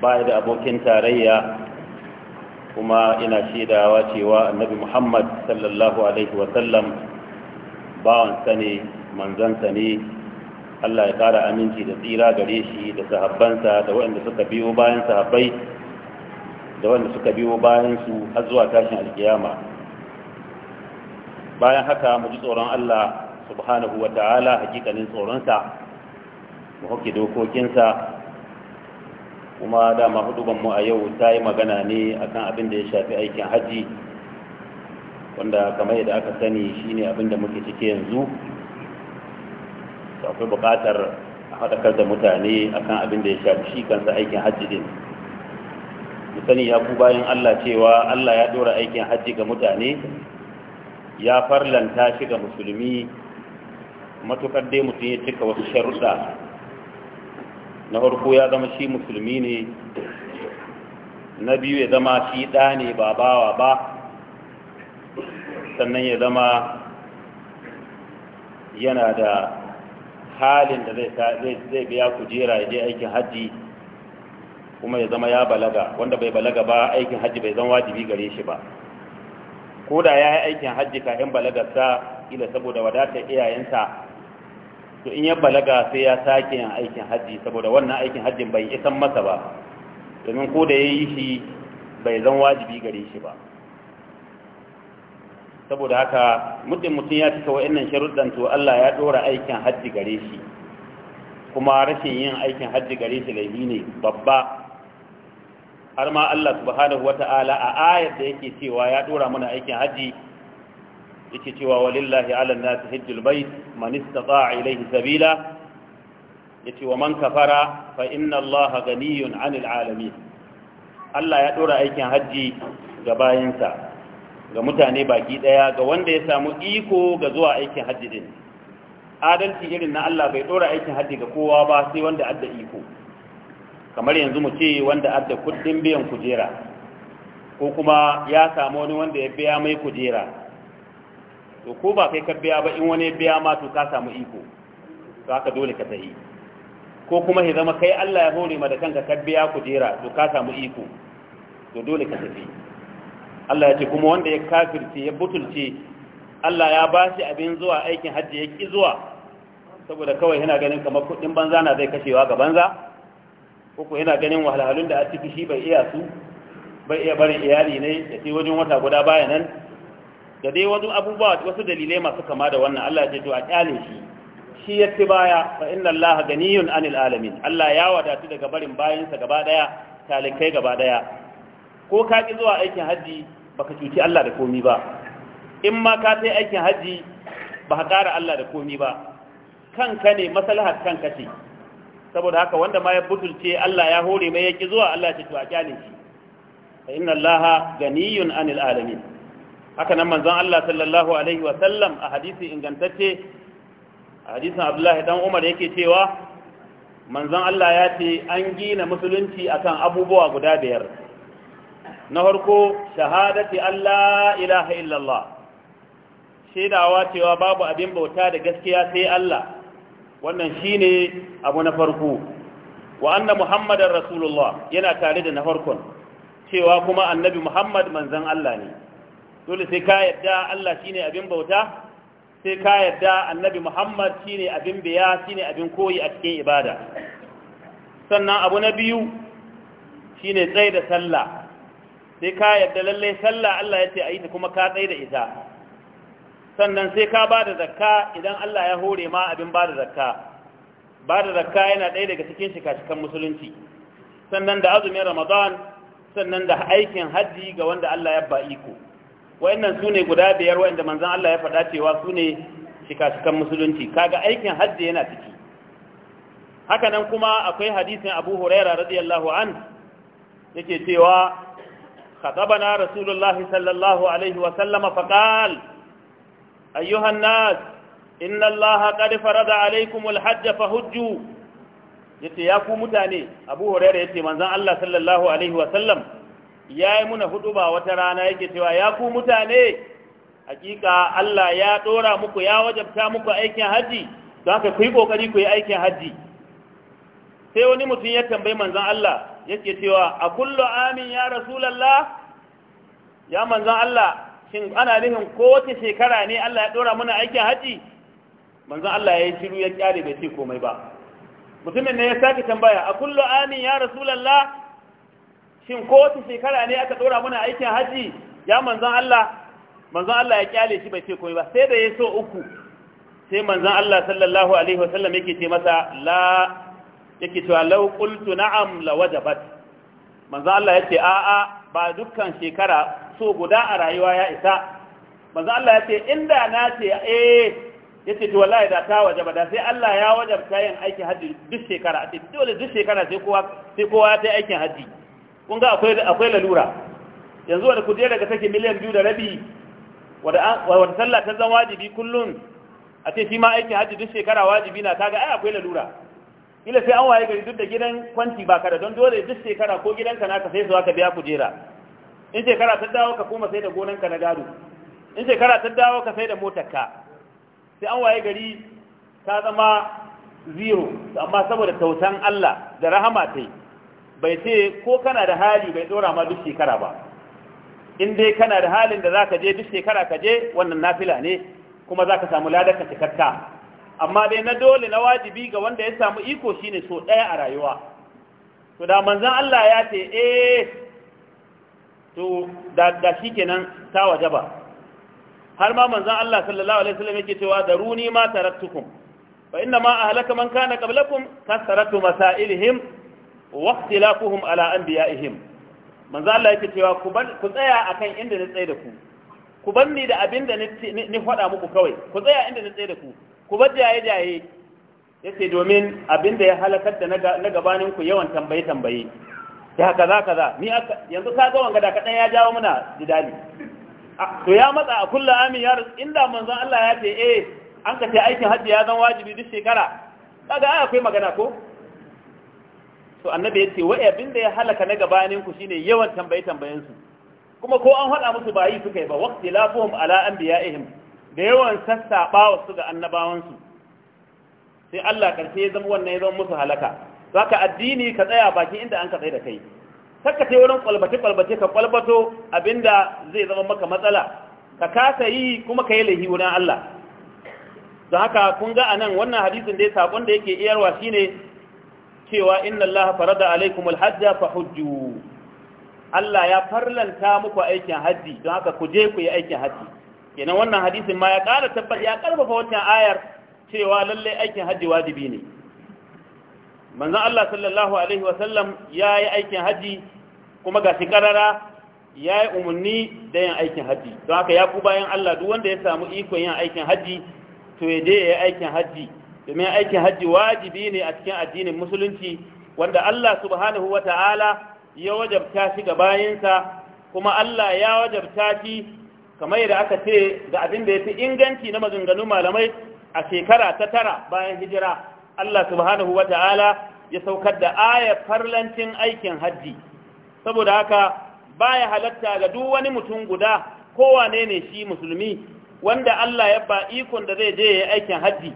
baya da abokin tarayya kuma ina shaidawa cewa annabi muhammad sallallahu alaihi wasallam bawansa ne manzansa ne allah ya kara aminci da tsira gare shi da sahabbansa da waɗanda suka biyo bayan sahabbai da waɗanda suka biyo bayan su har zuwa tashin alkiyama bayan haka mu ji tsoron allah subhanahu wa ta'ala hakikanin tsoronsa mu hauke dokokinsa kuma dama huduban mu a yau ta yi magana ne akan abin da ya shafi aikin hajji wanda kamar yadda aka sani shine abin da muke ciki yanzu akwai buƙatar haɗakar da mutane akan abin da ya shafi shi kansa aikin hajji din mu sani ya ku bayan Allah cewa Allah ya ɗora aikin hajji ga mutane ya farlanta shi ga musulmi matukar dai mutum ya cika wasu sharuɗa na farko ya zama shi musulmi ne na biyu ya zama shi ɗa ne ba bawa ba sannan ya zama yana da halin da zai biya kujera ya je aikin hajji kuma ya zama ya balaga wanda bai balaga ba aikin hajji bai zama wajibi gare shi ba ko da ya yi aikin hajji kafin balagarsa ila saboda wadatar iyayensa to in ya balaga sai ya sake yin aikin hajji saboda wannan aikin hajjin bai isan masa ba domin ko da ya yi shi bai zan wajibi gare shi ba saboda haka muddin mutum ya cika wa'annan sharuddan to Allah ya ɗora aikin hajji gare shi kuma rashin yin aikin hajji gare shi laifi ne babba har ma Allah subhanahu wata'ala a ayar da yake cewa ya ɗora mana aikin hajji yake cewa walillahi ala nasi hajjul bait man istata ilayhi sabila yace wa man kafara fa inna Allah ganiyun 'anil alamin Allah ya dora aikin haji ga bayansa ga mutane baki daya ga wanda ya samu iko ga zuwa aikin haji din adalci irin na Allah bai dora aikin haji ga kowa ba sai wanda adda iko kamar yanzu mu ce wanda adda kuɗin biyan kujera ko kuma ya samu wani wanda ya biya mai kujera to ko ba kai ka biya ba in wani biya ma to ka samu iko to haka dole ka sahi ko kuma ya zama kai Allah ya hore ma da kanka ka biya kujera to ka samu iko to dole ka tafi Allah ya ce kuma wanda ya kafirce ya butulce Allah ya ba shi abin zuwa aikin hajji ya ki zuwa saboda kawai yana ganin kamar kuɗin banza na zai kashewa ga banza ko yana ganin wahalhalun da a ciki shi bai iya su bai iya barin iyali ne da sai wajen wata guda baya nan da dai wasu abubuwa wasu dalilai masu kama da wannan Allah ya ce to a kyale shi shi ya ci baya fa inna Allah ganiyun anil alamin Allah ya wadatu daga barin bayansa gaba daya talikai gaba daya ko ka ki zuwa aikin haji baka cuci Allah da komi ba in ma ka sai aikin haji ba ka Allah da komi ba kanka ne maslahar kanka ce saboda haka wanda ma ya butulce Allah ya hore mai yaki zuwa Allah ya ce to a kyale shi fa inna Allah ganiyun anil alamin haka nan manzon Allah sallallahu alaihi wa sallam a hadisi ingantacce a hadisin Abdullahi dan Umar yake cewa manzon Allah ya ce an gina musulunci akan abubuwa guda biyar na farko shahadati Allah ilaha illallah shaidawa cewa babu abin bauta da gaskiya sai Allah wannan shine abu na farko wa anna muhammadar rasulullah yana tare da na farkon cewa kuma annabi muhammad manzon Allah ne dole sai ka yadda Allah shine abin bauta sai ka yadda annabi Muhammad shine abin biya shine abin koyi a cikin ibada sannan abu na biyu shine tsaye da sallah sai ka yadda lallai sallah Allah ya ce a yi ta kuma ka tsaye da ita sannan sai ka ba da zakka idan Allah ya hore ma abin ba da zakka ba da zakka yana ɗaya daga cikin shika musulunci sannan da azumin ramadan sannan da aikin hajji ga wanda Allah ya ba iko wayannan su ne guda biyar wanda manzon Allah ya faɗa cewa su ne shika-shikan musulunci kaga aikin hajji yana ciki haka nan kuma akwai hadisin abu huraira radiyallahu an yake cewa khatabana rasulullahi sallallahu alaihi wa sallama faqal ayyuhan nas inna allaha qad farada fahujju yace ya ku mutane abu huraira yace manzon Allah sallallahu alaihi wa sallam ya yi muna hudu ba wata rana yake cewa ya ku mutane hakika Allah ya ɗora muku ya wajabta muku aikin hajji don haka ku yi ƙoƙari ku yi aikin hajji sai wani mutum ya tambayi manzon Allah yake cewa a kullu amin ya rasulullah ya manzon Allah shin ana ko wace shekara ne Allah ya ɗora mana aikin hajji manzon Allah ya yi shiru ya kyale bai ce komai ba mutumin ne ya sake tambaya a kullu amin ya rasulullah shin ko wata shekara ne aka dora muna aikin haji ya manzon Allah manzon Allah ya kyale shi bai ce komai ba sai da ya so uku sai manzon Allah sallallahu alaihi wasallam yake ce masa la yake cewa law qultu na'am la wajabat manzon Allah ya a a ba dukkan shekara so guda a rayuwa ya isa manzon Allah ce inda na ce eh yace to wallahi da ta wajaba da sai Allah ya wajabta yin aikin haji duk shekara a dole duk shekara sai kowa sai kowa ya ta aikin haji kun ga akwai lalura yanzu wani kujera daga take miliyan biyu da rabi wadda sallah ta zan wajibi kullum a ce shi ma aikin hajji duk shekara wajibi na kaga ai akwai lalura ila sai an waye gari duk da gidan kwanci ba ka da don dole duk shekara ko gidanka naka sai zuwa ka biya kujera in shekara ta dawo ka koma sai da gonanka na gado in shekara ta dawo ka sai da motarka sai an waye gari ta zama zero amma saboda tautan Allah da rahama ta yi bai ce ko kana da hali bai dora ma duk shekara ba in dai kana da halin da za ka je duk shekara ka je wannan nafila ne kuma zaka samu ladar ka cikakka amma dai na dole na wajibi ga wanda ya samu iko shine so ɗaya a rayuwa to da manzon Allah ya ce eh to da da shikenan ta wajaba har ma manzon Allah sallallahu alaihi wasallam yake cewa daruni ma taraktukum fa inna ma ahlaka man kana qablakum kasaratu masailihim waqtilafuhum ala anbiya'ihim manzo Allah yake cewa ku ku tsaya akan inda ni tsaye da ku ku ban ni da abin da ni faɗa muku kawai ku tsaya inda ni tsaye da ku ku bar jaye jaye yace domin abin da ya halakar da na gabanin ku yawan tambaye tambaye ya kaza kaza ni yanzu ka ga wanga da kadan ya jawo muna jidali to ya matsa a kullu amin ya inda manzo Allah ya ce eh an ka ce aikin hajji ya zan wajibi duk shekara kaga ai akwai magana ko to annabi ya ce wa abin da ya halaka na gabanin ku shine yawan tambaye tambayen su kuma ko an hada musu bayi suka yi ba waqti lafuhum ala anbiya'ihim da yawan sassaba wasu ga annabawan su sai Allah karshe ya zama wannan ya zama musu halaka saka addini ka tsaya baki inda an ka tsaya da kai saka ce wurin kwalbace kwalbace ka kwalbato abinda zai zama maka matsala ka kasa yi kuma ka yi lahi wurin Allah don haka kun ga anan wannan hadisin da ya sakon da yake iyarwa shine cewa inna Allah farada alaikum hajja fa hujju Allah ya farlanta muku aikin haji don haka ku je ku yi aikin haji kenan wannan hadisin ma ya ƙara tabbata ya karfafa wannan ayar cewa lalle aikin haji wajibi ne manzon Allah sallallahu alaihi wa sallam ya yi aikin haji kuma ga shikarara ya yi umarni da yin aikin haji don haka ya ku bayan Allah duk wanda ya samu ikon yin aikin haji to ya je ya yi aikin haji domin aikin hajji wajibi ne a cikin addinin musulunci wanda Allah subhanahu wa ta'ala ya wajabta shi ga bayinsa kuma Allah ya wajabta shi kamar yadda aka ce ga abin da ya fi inganci na maganganun malamai a shekara ta tara bayan hijira Allah subhanahu wa ta'ala ya saukar da ayar farlancin aikin hajji saboda haka baya halatta ga duk wani mutum guda kowane ne shi musulmi wanda Allah ya ba ikon da zai je ya aikin hajji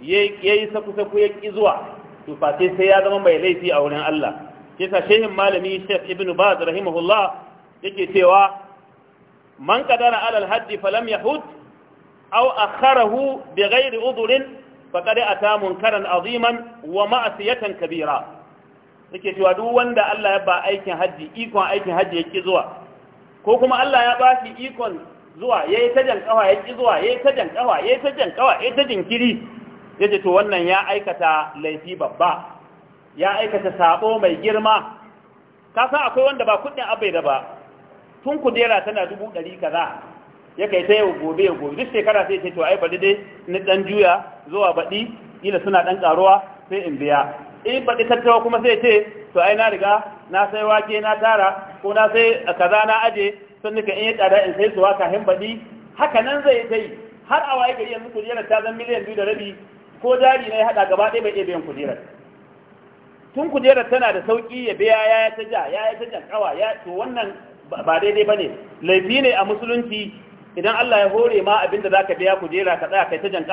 ya yi saku ku ya ƙi zuwa to sai ya zama mai laifi a wurin Allah kisa shehin malami Sheikh Ibn Baz rahimahullah yake cewa man qadara ala al-hadd falam yahud aw akharahu bighairi udhrin faqad ata munkaran aziman wa ma'siyatan kabira yake cewa duk wanda Allah ya ba aikin haji ikon aikin haji yake zuwa ko kuma Allah ya ba shi ikon zuwa yayi ta jan kawa yake zuwa yayi ta jan kawa yayi ta jan kawa yayi ta jinkiri ya to wannan ya aikata laifi babba ya aikata sabo mai girma ka san akwai wanda ba kudin abai da ba tun kudera tana dubu ɗari kaza ya kai ta yau gobe gobe duk shekara sai ce to ai bari dai ni dan juya zuwa baɗi ila suna dan karuwa sai in biya in baɗi tattawa kuma sai ce to ai na riga na sai wake na tara ko na sai kaza na aje sun nika in yi tsada in sai su waka hin baɗi haka nan zai yi har a waye gari yanzu jira ta zan miliyan biyu da rabi ko jari na ya haɗa gaba ɗaya bai iya biyan kujerar tun kujerar tana da sauƙi ya biya ya ya ta ja ya ya ta jan ya to wannan ba daidai ba ne laifi ne a musulunci idan Allah ya hore ma abin da za ka biya kujera ka tsaya kai ta jan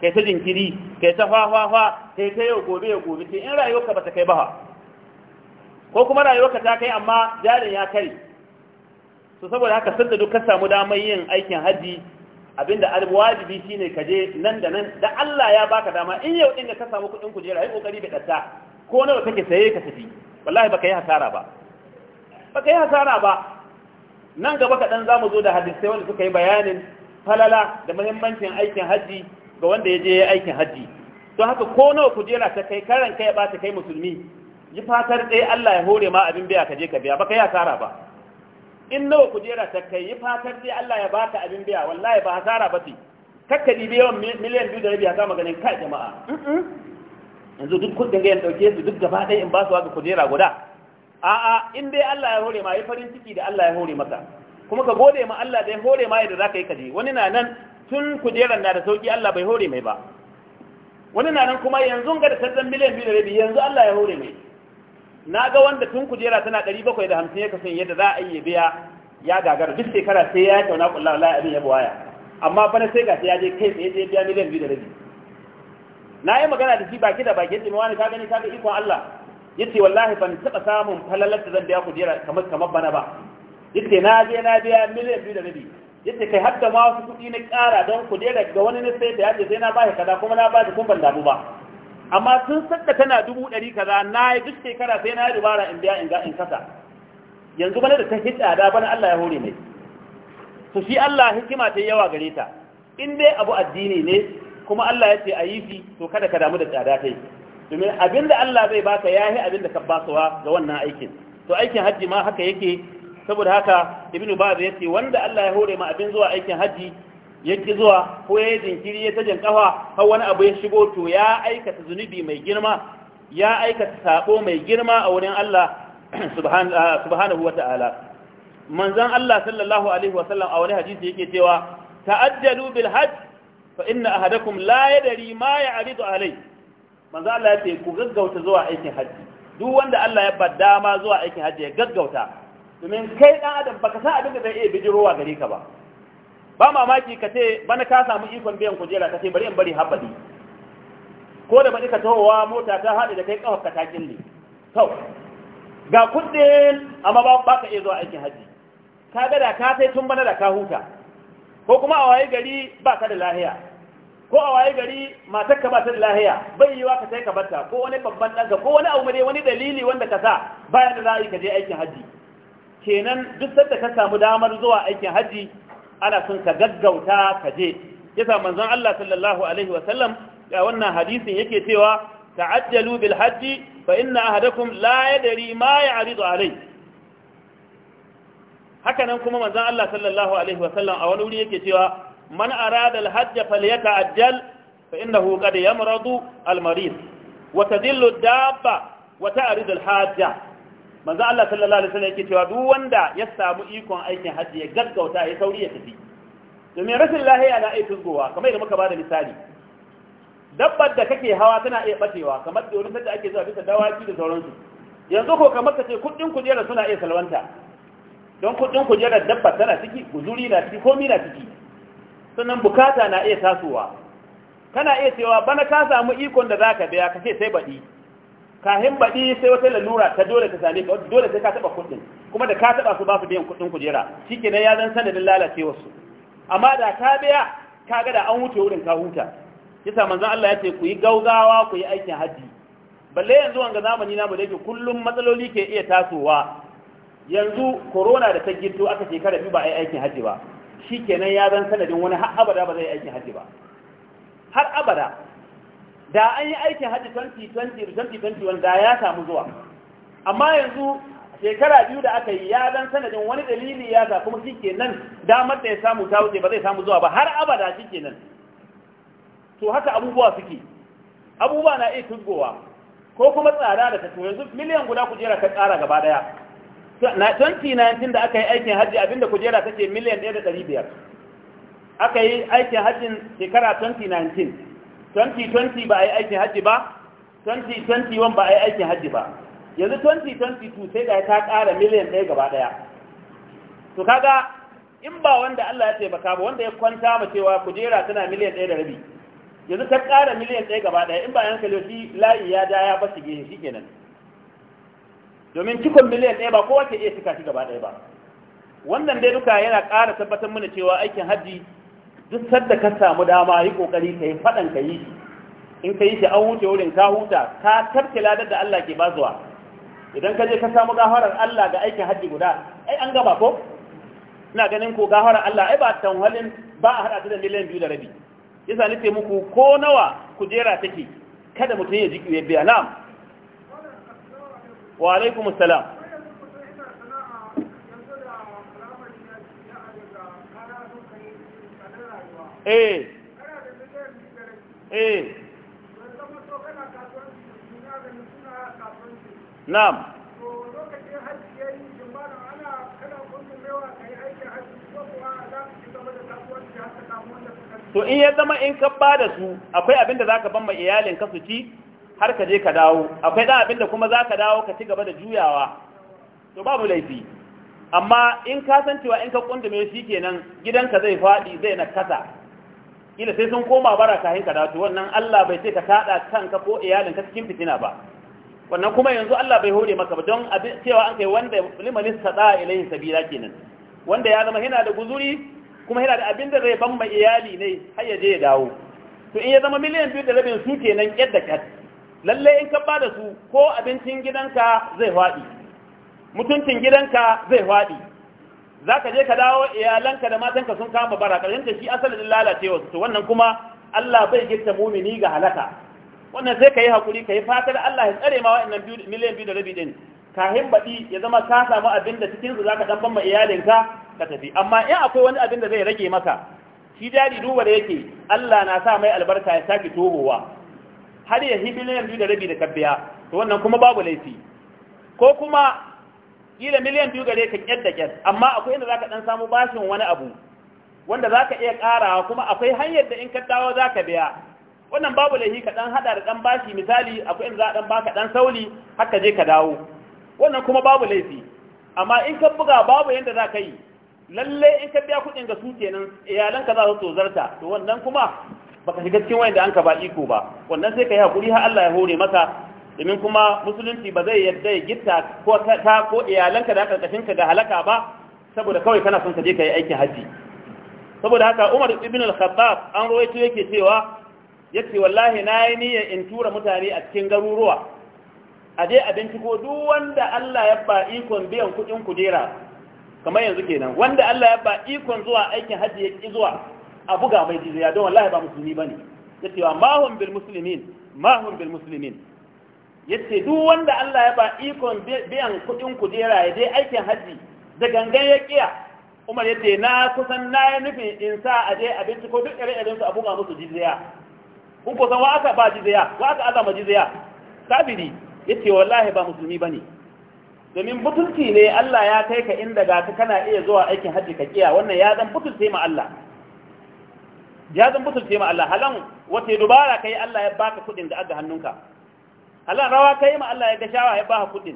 kai ta jinkiri kai ta fafafa kai ta yau gobe ya gobe ce in rayuwarka ba ta kai ba ko kuma rayuwarka ta kai amma jarin ya kare su saboda haka sun da duk ka samu damar yin aikin hajji. abinda alwajibi shine ka je nan da nan da Allah ya baka dama in yau din ka samu kuɗin kujera yi kokari bai datta ko nawa kake saye ka tafi wallahi baka yi hasara ba baka yi hasara ba nan gaba kaɗan zamu zamu zo da hadisi wanda suka yi bayanin falala da muhimmancin aikin hajji ga wanda ya je ya aikin hajji don haka ko nawa kujera ta kai karan kai ba ta kai musulmi yi fatar ɗaya Allah ya hore ma abin biya kaje je ka biya baka yi hasara ba in nawa kujera ta kai yi fatar dai Allah ya baka abin biya wallahi ba hasara ba ce kakka dibe yawan miliyan biyu da rabi kama maganin kai jama'a yanzu duk kudin ga yin dauke su duk gaba ɗaya in ba su ku kujera guda a'a in dai Allah ya hore ma yi farin ciki da Allah ya hore maka kuma ka gode ma Allah da ya hore ma yadda zaka yi kaje wani na nan tun kujeran na da sauki Allah bai hore mai ba wani na nan kuma yanzu ga da sassan miliyan biyu da rabi yanzu Allah ya hore mai na ga wanda tun kujera tana ɗari bakwai da hamsin ya kasan yadda za a yi biya ya gagara duk shekara sai ya tauna kulla wallahi abin ya buwaya amma bana sai ga sai ya je kai sai ya biya miliyan biyu da rabi na yi magana da shi baki da baki yace wani ka gani ka ga ikon Allah yace wallahi ban taɓa samun falalar da zan biya kujera kamar kamar bana ba yace na je na biya miliyan biyu da rabi yace kai har da ma wasu kuɗi na ƙara don kujera ga wani na sai da ce sai na ba shi kada kuma na ba shi kun ban damu ba amma tun sadda tana dubu ɗari kaza na yi duk shekara sai na yi dubara in biya in ga in kasa yanzu bane da ta hitsa da bana Allah ya hore mai to shi Allah hikima ta yawa gare ta in dai abu addini ne kuma Allah ya ce a yi fi to kada ka damu da tsada kai domin abinda Allah zai baka ya yi abinda ka basuwa ga wannan aikin to aikin hajji ma haka yake saboda haka ibnu baz ya ce wanda Allah ya hore ma abin zuwa aikin hajji ya zuwa ko ya yi jinkiri ya tajin kafa har wani abu ya shigo to ya aikata zunubi mai girma ya aikata sako mai girma a wurin Allah ah, subhanahu wa ta'ala manzon Allah sallallahu alaihi wa sallam a wani hadisi yake cewa ta'ajjalu bil hajj fa inna ahadakum la yadri ma ya'ridu alai manzon Allah ya ce ku gaggauta zuwa aikin hajji duk wanda Allah ya ba dama zuwa aikin hajji ya gaggauta domin kai dan adam baka san abin da zai iya bijirowa gare ka ba ba mamaki ka ce bana ka samu ikon biyan kujera ka ce bari in bari habbali ko da bari ka tahowa mota ta haɗe da kai ƙawar katakin ta gille ga kudin amma ba ka iya zuwa aikin hajji ka ga da ka sai tun bana da ka huta ko kuma a waye gari ba ka da lahiya ko a waye gari matar ka ba ta da lahiya bai yiwa ka sai ka barta ko wani babban ɗanka ko wani abu wani dalili wanda ka sa bayan da za ka je aikin hajji kenan duk sanda ka samu damar zuwa aikin hajji ana son ka gaggauta ka je yasa manzon Allah sallallahu alaihi wa sallam ga wannan hadisin yake cewa ta'ajjalu bil hajji fa inna ahadakum la yadri ma ya'ridu alai haka nan kuma manzon Allah sallallahu alaihi wa sallam a wani wuri yake cewa man arada al hajj falyata'ajjal fa innahu qad yamradu al marid wa tadillu dabba wa ta'ridu al hajja manzo Allah sallallahu alaihi wasallam yake cewa duk wanda ya samu ikon aikin hajji ya gaggauta ya sauri ya tafi me rashin ya na iya tuzgowa kamar yadda muka bada misali dabbar da kake hawa tana iya batewa kamar da wani ake zuwa bisa dawaki da sauransu yanzu ko kamar ka ce kudin kujera suna iya salwanta don kudin kujerar dabba tana ciki guzuri na ciki komi na ciki sannan bukata na iya tasowa kana iya cewa bana ka samu ikon da zaka biya kake sai baɗi kahin baɗi sai wata lalura ta dole ta same ka dole sai ka taɓa kuɗin kuma da ka taɓa su ba su biyan kuɗin kujera Shi nan ya zan sanadin lalace wasu amma da ka biya ka ga da an wuce wurin ka huta Kisa manzon Allah ya ce ku yi gaugawa ku yi aikin haji balle yanzu wanga zamani na mu da kullum matsaloli ke iya tasowa yanzu korona da ta gito aka shekara bi ba a yi aikin haji ba nan ya zan sanadin wani har abada ba zai yi aikin haji ba har abada da an yi aikin hajji 2020 2021 da ya samu zuwa amma yanzu shekara biyu da aka yi ya dan sanadin wani dalili ya sa kuma shi nan damar da ya samu ta wuce ba zai samu zuwa ba har abada shi nan to haka abubuwa suke abubuwa na iya tuzgowa ko kuma tsada da ta yanzu miliyan guda kujera ka tsara gaba daya na 2019 da aka yi aikin hajji abinda kujera ta ce miliyan 1.500 aka yi aikin hajjin shekara 2019 2020 ba a yi aikin hajji ba 2021 ba a yi aikin hajji ba yanzu 2022 sai da ta kara miliyan ɗaya gaba ɗaya to kaga in ba wanda Allah ya taimaka ba wanda ya kwanta ma cewa kujera tana miliyan ɗaya da rabi yanzu ta kara miliyan ɗaya gaba ɗaya in ba yan kalli la'i layi ya ja ya ba shige shi kenan domin cikon miliyan ɗaya ba kowa ke iya cika shi gaba ɗaya ba wannan dai duka yana ƙara tabbatar mana cewa aikin hajji duk sadda ka samu dama yi kokari kai fadan ka yi in ka yi shi an wuce wurin ka huta ka tarke ladar da Allah ke bazuwa idan ka je ka samu gafarar Allah ga aikin haji guda ai an gaba ko ina ganin ko gafarar Allah ai ba tanhalin ba a hada da miliyan biyu da rabi yasa nace muku ko nawa kujera take kada mutum ya ji biya na wa alaikumus salam eh eh to in ya zama in ka ba da su akwai abin da za ka ban ma iyalin ka su ci har ka je ka dawo akwai ɗan abin da kuma za ka dawo ka ci gaba da juyawa to babu laifi amma in ka san cewa in ka kundume shi kenan gidanka zai faɗi zai nakasa kila sai sun koma bara kahin ka wannan Allah bai ce ka tada kanka ko iyalin ka cikin fitina ba wannan kuma yanzu Allah bai hore maka ba don abin cewa an kai wanda limanin sada ilayhi sabila kenan wanda ya zama yana da guzuri kuma yana da abin da zai ban mai iyali ne har ya je ya dawo to in ya zama miliyan biyu da rabin su kenan yadda kat lalle in ka bada su ko abincin gidanka zai faɗi mutuncin gidanka zai faɗi za ka je ka dawo iyalanka da matanka sun kama bara ƙarshen ta shi asalin lalacewa su wannan kuma Allah bai gitta mumini ga halaka wannan sai ka yi haƙuri ka yi fatar Allah ya tsare ma wa'annan miliyan biyu da rabi din kahin baɗi ya zama ka samu abin da cikinsu za ka ɗan ma iyalinka ka tafi amma in akwai wani abin da zai rage maka shi jari duba da yake Allah na sa mai albarka ya sake tohowa har ya yi miliyan biyu da rabi da kabbiya to wannan kuma babu laifi ko kuma kila miliyan biyu gare ka kyar da kyar amma akwai inda zaka dan samu bashin wani abu wanda zaka iya karawa kuma akwai hanyar da in ka dawo zaka biya wannan babu lahi ka dan hada da dan bashi misali akwai inda za dan baka dan sauli haka je ka dawo wannan kuma babu laifi amma in ka buga babu yanda zaka yi lallai in ka biya kuɗin ga su kenan iyalan ka za su tozarta to wannan kuma baka shiga cikin wanda an ka ba iko ba wannan sai ka yi hakuri har Allah ya hore maka domin kuma musulunci ba zai yadda ya gitta ko ta ko iyalanka da karkashin ka ga halaka ba saboda kawai kana son ka je ka yi aikin haji saboda haka Umar ibn al-Khattab an rawaito yake cewa yace wallahi nayi niyyar in tura mutane a cikin garuruwa a je a binciko duk wanda Allah ya ba ikon biyan kuɗin kujera kamar yanzu kenan wanda Allah ya ba ikon zuwa aikin hajji ya ki zuwa a buga mai jiziya don wallahi ba musulmi bane yace wa ma bil muslimin ma bil muslimin yace duk wanda Allah ya ba ikon biyan kudin kujera ya dai aikin haji da gangan ya kiya Umar yace na kusan na ya nufi in sa a je a binciko duk ire-iren su a buga musu jizya kun kusan wa aka ba jizya wa aka azama jizya sabiri yace wallahi ba musulmi bane domin butulci ne Allah ya kai ka inda ga ka kana iya zuwa aikin haji ka kiya wannan ya zan butulce ma Allah ya zan butulce ma Allah halan wace dubara kai Allah ya baka kudin da aga hannunka halan rawa kai ma Allah ya ga shawa ya ba kudin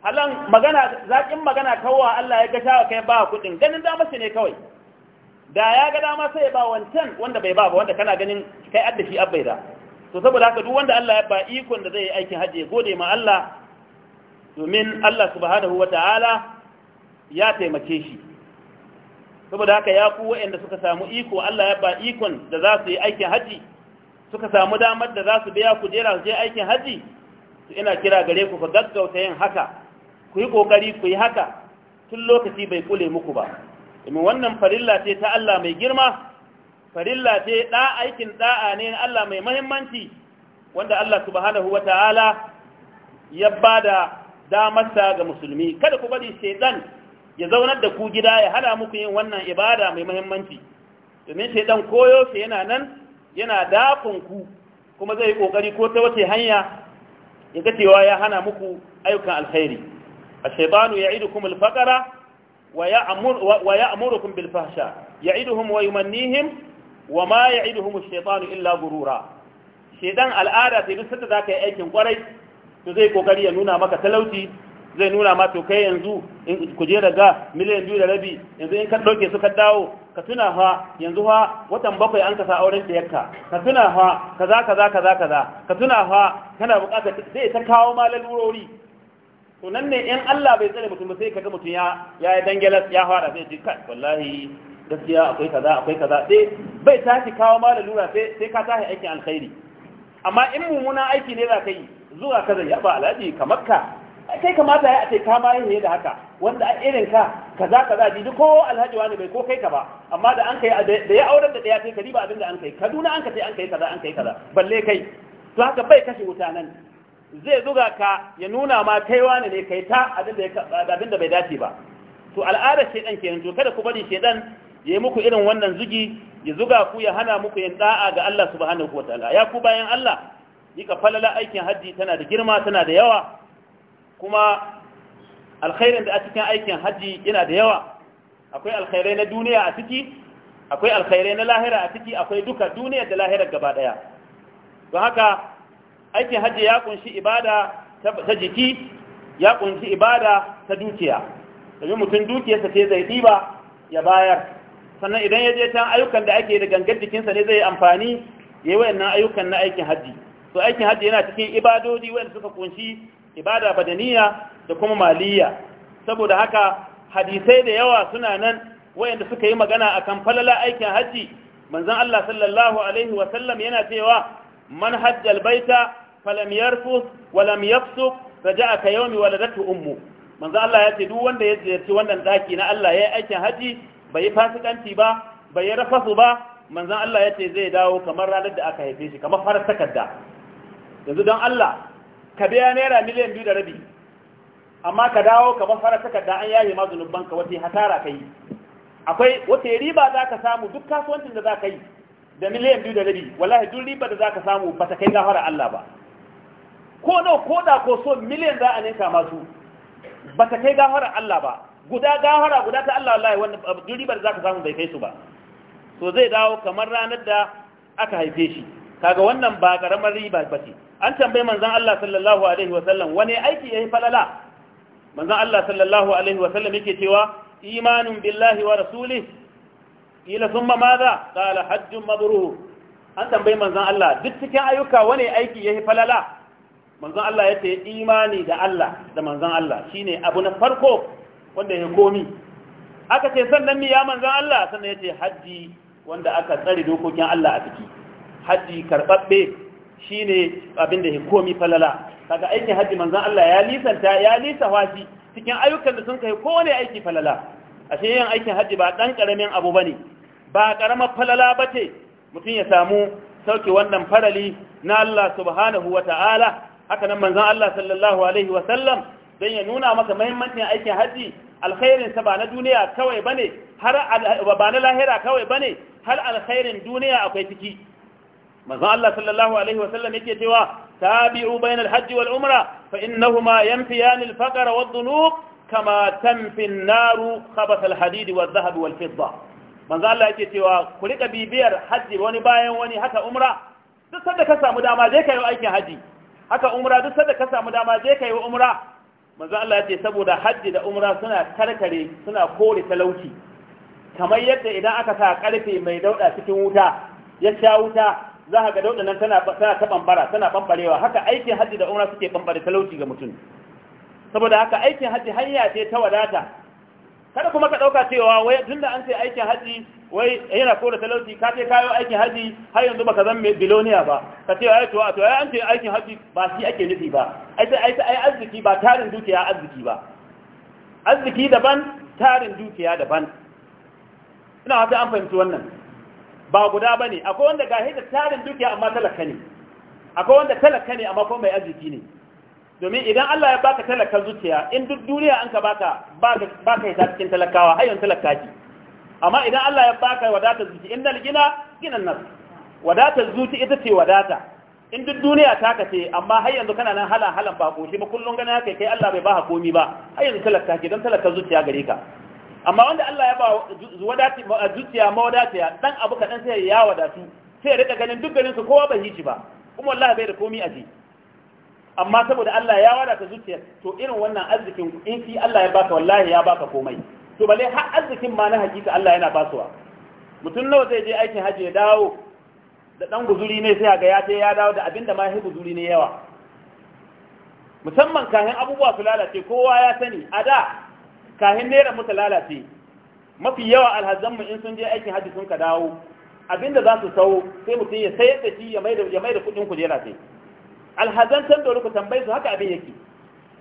halan magana zakin magana kawwa Allah ya ga shawa kai ba kudin ganin dama shi ne kawai da ya ga dama sai ya ba wancan wanda bai ba ba wanda kana ganin kai adda shi abbai da to saboda haka duk wanda Allah ya ba ikon da zai yi aikin hajji gode ma Allah domin Allah subhanahu wataala ya taimake shi saboda haka ya ku wa'anda suka samu iko Allah ya ba ikon da za su yi aikin hajji suka samu damar da za su biya kujera su je aikin haji su ina kira gare ku ku gaggauta yin haka ku yi ƙoƙari ku yi haka tun lokaci bai kule muku ba domin wannan farilla ce ta Allah mai girma farilla ce ɗa aikin ɗa'a ne na Allah mai muhimmanci. wanda Allah subhanahu wa ta'ala ya ba da sa ga musulmi kada ku bari shaytan ya zaunar da ku gida ya hana muku yin wannan ibada mai muhimmanci. domin shaytan koyo shi yana nan yana dafin ku kuma zai yi ƙoƙari ko ta wace hanya ya ga ya hana muku ayyukan alkhairi ash-shaytanu ya'idukum al-faqra wa ya'mur wa ya'murukum bil fahsha ya'iduhum wa yumannihim wa ma ya'iduhum ash-shaytanu illa gurura shedan al'ada sai duk sanda zaka yi aikin kwarai to zai ƙoƙari ya nuna maka talauci zai nuna ma to kai yanzu ku je daga miliyan biyu da rabi yanzu in ka ɗauke su ka dawo ka tuna fa yanzu fa watan bakwai an kasa auren ɗiyarka ka tuna fa kaza kaza kaza kaza ka tuna fa kana buƙatar zai ta kawo ma lalurori to nan ne in Allah bai tsare mutum sai kaga mutum ya ya yi dangalas ya fara sai ji wallahi gaskiya akwai kaza akwai kaza sai bai tashi kawo ma lalura sai sai ka tashi aikin alkhairi amma in mummuna aiki ne za ka yi zuwa kaza ya ba alaji kamar ka kai kamata ya ce ka ma yi da haka wanda a irin ka kaza kaza ji duk ko alhaji wani bai ko kai ka ba amma da an kai da ya auren da ɗaya kai ka riba abin da an kai kaduna an ka ce an kai kaza an kai kaza balle kai to haka bai kashe wuta nan zai zuga ka ya nuna ma kai wani ne kai ta abin bai dace ba to al'adar dan kenan to kada ku bari dan ya yi muku irin wannan zugi ya zuga ku ya hana muku yin da'a ga Allah subhanahu wataala ya ku bayan Allah yi ka falala aikin hajji tana da girma tana da yawa kuma alkhairin da a cikin aikin hajji yana da yawa akwai alkhairai na duniya a ciki akwai alkhairai na lahira a ciki akwai duka duniya da lahira gaba daya don haka aikin hajji ya kunshi ibada ta jiki ya kunshi ibada ta dukiya domin mutum dukiyarsa ce zai ɗiba ya bayar sannan idan ya je can ayyukan da ake da gangar jikinsa ne zai amfani ya yi wayannan ayyukan na aikin hajji to aikin hajji yana cikin ibadodi wayanda suka kunshi ibada badaniya da kuma maliya saboda haka hadisai da yawa suna nan wayanda suka yi magana akan falala aikin hajji manzan Allah sallallahu alaihi wa sallam yana cewa man hajjal baita falam yarfus wa lam yafsuq raja'a ka yawmi waladatu ummu Allah ya ce duk wanda ya ziyarci wannan daki na Allah ya yi aikin hajji bai yi fasikanci ba bai yi rafasu ba manzan Allah ya ce zai dawo kamar ranar da aka haife shi kamar farar takarda yanzu don Allah ka biya naira miliyan biyu da rabi amma ka dawo ka mafara takarda an yaye ma zunubanka wata hasara ka yi akwai wata riba za ka samu duk kasuwancin da za ka yi da miliyan biyu da rabi wallahi duk riba da za ka samu ba ta kai gafara Allah ba ko nau ko da ko so miliyan za a ninka masu ba ta kai gafara Allah ba guda gafara guda ta Allah wallahi wanda duk riba da za ka samu bai kai su ba so zai dawo kamar ranar da aka haife shi kaga wannan ba karamar riba ba ce an tambayi manzan Allah sallallahu alaihi wa sallam wani aiki yayi falala Manzan Allah sallallahu alaihi wa yake cewa imanin billahi wa rasulih ila thumma madha qala alhajjun maburu. an tambayi manzan Allah duk cikin ayyuka wani aiki ya yi falala Manzan Allah ya yace imani da Allah da manzan Allah Shi ne abu na farko wanda ya komi aka ce sannan mi ya manzan Allah sannan ya ce hajji wanda aka tsare dokokin Allah a ciki hajji karɓaɓɓe shine abin da ya komi falala kaga aikin hajji manzan Allah ya lisanta ya lisa washi cikin ayyukan da sun kai kowane aiki falala ashe yin aikin hajji ba dan karamin abu bane ba karamar falala bace mutum ya samu sauke wannan farali na Allah subhanahu wataala haka nan manzan Allah sallallahu alaihi wa sallam dan ya nuna maka muhimmancin aikin hajji alkhairin sa ba na duniya kawai bane har ba na lahira kawai bane har alkhairin duniya akwai ciki manzon Allah sallallahu alaihi wasallam yake cewa tabi'u bainal hajji wal umra fa innahuma yanfiyan al faqra wad dhunub kama tanfi an naru khabath al hadid wal dhahab wal fidda manzon Allah yake cewa ku rika bibiyar hajji wani bayan wani haka umra duk sanda ka samu dama je kai aikin hajji haka umra duk sanda ka samu dama je kai umra manzo Allah ya ce saboda hajji da umra suna karkare suna kore talauci kamar yadda idan aka sa karfe mai dauda cikin wuta ya sha wuta za ka ga da nan tana ta bambara tana bambarewa haka aikin hajji da umra suke bambare talauci ga mutum saboda haka aikin hajji hanya ce ta wadata kada kuma ka dauka cewa wai tunda an ce aikin hajji wai yana ko da talauci ka ce kayo aikin hajji har yanzu baka zan mai biloniya ba ka ce ai to to ai an ce aikin hajji ba shi ake nufi ba ai ai sai arziki ba tarin dukiya arziki ba arziki daban tarin dukiya daban ina wata an fahimci wannan ba guda ba ne akwai wanda gahe da tarin dukiya amma talaka ne akwai wanda talaka ne amma kuma mai arziki ne domin idan Allah ya baka talakan zuciya in duk duniya an ka baka baka yi cikin talakawa har yanzu talaka ki amma idan Allah ya baka wadata zuci innal gina ginan nas wadata zuci ita ce wadata in duk duniya ta kace amma har yanzu kana nan halan halan ba koshi ba kullun gana kai kai Allah bai baka komi ba har yanzu talaka ki don talaka zuciya gare ka amma wanda Allah ya ba zuciya wadatiya dan abu kaɗan sai ya wadatu sai ya rika ganin duk ganin su kowa bai yi shi ba kuma Allah bai da komi a ji amma saboda Allah ya wadata zuciya to irin wannan arzikin in fi Allah ya baka wallahi ya baka komai to bale har arzikin ma na hakika Allah yana basuwa mutum nawa zai je aikin haji ya dawo da dan guzuri ne sai ga ya je ya dawo da abinda ma ya guzuri ne yawa musamman kayan abubuwa su lalace kowa ya sani a da kahin naira muka lalace mafi yawa alhazanmu in sun je aikin hajji sun ka dawo abinda za su sau sai mutum ya sayar da shi ya mai da kudin kujera sai alhazan can dole ku tambaye su haka abin yake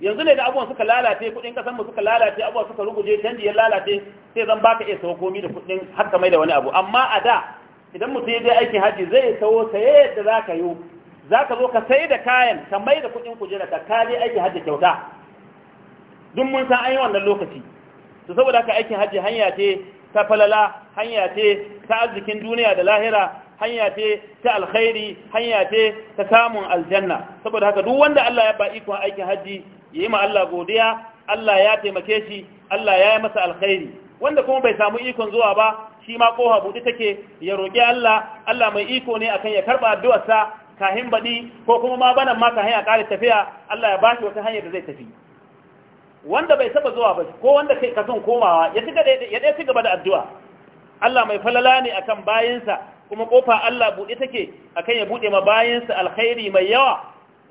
yanzu ne da abubuwan suka lalace kudin kasan mu suka lalace abubuwa suka ruguje canji ya lalace sai zan baka iya sawo komi da kudin har ka mai da wani abu amma a da idan mutum ya je aikin hajji zai sawo saye yadda za ka yi za ka zo ka sai da kayan ka mai da kudin kujera ka kaje aikin hajji kyauta duk mun san an wannan lokaci to saboda haka aikin hajji hanya ce ta falala hanya ce ta arzikin duniya da lahira hanya ce ta alkhairi hanya ce ta samun aljanna saboda haka duk wanda Allah ya ba iko aikin hajji yayi ma Allah godiya Allah ya taimake shi Allah ya yi masa alkhairi wanda kuma bai samu ikon zuwa ba shi ma koha buɗe take ya roƙi Allah Allah mai iko ne akan ya karɓa addu'arsa kahin baɗi ko kuma ma banan ma kahin a ƙara tafiya Allah ya ba shi wata hanyar da zai tafi wanda bai saba zuwa ba ko wanda kai ka komawa ya ci gaba da addu'a Allah mai falala ne akan bayansa kuma kofa Allah buɗe take akan ya buɗe ma bayansa alkhairi mai yawa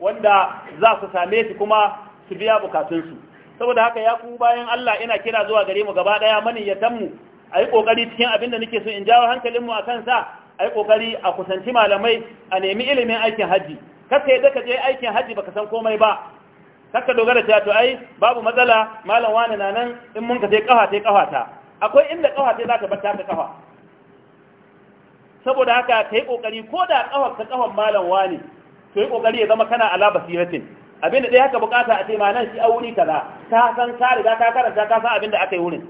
wanda za su same su kuma su biya bukatunsu saboda haka ya ku bayan Allah ina kira zuwa gare mu gaba daya ya a yi kokari cikin abin da nake so in jawo hankalin mu akan sa yi kokari a kusanci malamai a nemi ilimin aikin hajji kasa da ka je aikin hajji baka san komai ba Haka dogara ta to ai babu matsala malam wani na nan in mun ka sai kafa sai kafa ta akwai inda kafa sai zaka bar ta kafa saboda haka kai kokari ko da kafa ka kafan malam wani to yi kokari ya zama kana ala basiratin abin da dai haka bukata a ce ma nan shi a wuri kaza ka san ka riga ka karanta ka san abin da aka yi wurin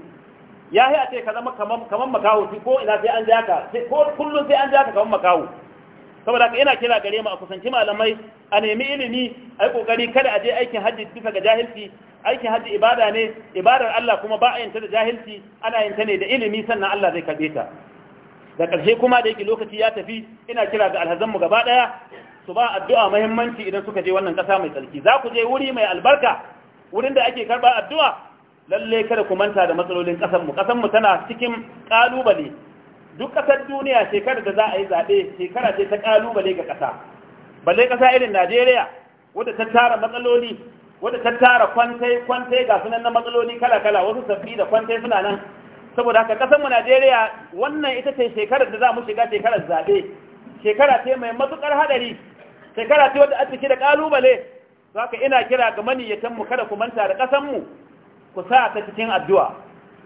ya yi a ce ka zama kaman makaho ko ina sai an ja ka ko kullum sai an ja ka kaman makaho saboda ka ina kira gare mu a kusanci malamai a nemi ilimi a yi kokari kada a je aikin hajji bisa ga jahilci aikin hajji ibada ne ibadar Allah kuma ba a yanta da jahilci ana yanta ne da ilimi sannan Allah zai karbe ta da ƙarshe kuma da yake lokaci ya tafi ina kira ga alhazan mu gaba daya su ba addu'a muhimmanci idan suka je wannan ƙasa mai tsarki za ku je wuri mai albarka wurin da ake karba addu'a lalle kada ku manta da matsalolin ƙasar mu ƙasar mu tana cikin ƙalubale duk ƙasar duniya shekarar da za a yi zaɓe shekara ce ta ƙalubale ga ƙasa balle ƙasa irin najeriya wadda ta tara matsaloli wadda ta tara kwantai kwantai ga sunan na matsaloli kala kala wasu sabbi da kwantai suna nan saboda haka ƙasar mu najeriya wannan ita ce shekarar da za mu shiga shekarar zaɓe shekara ce mai matuƙar haɗari shekara ce wadda a cike da ƙalubale za ka ina kira ga maniyyatan mu kada ku manta da ƙasar mu ku sa ta cikin addu'a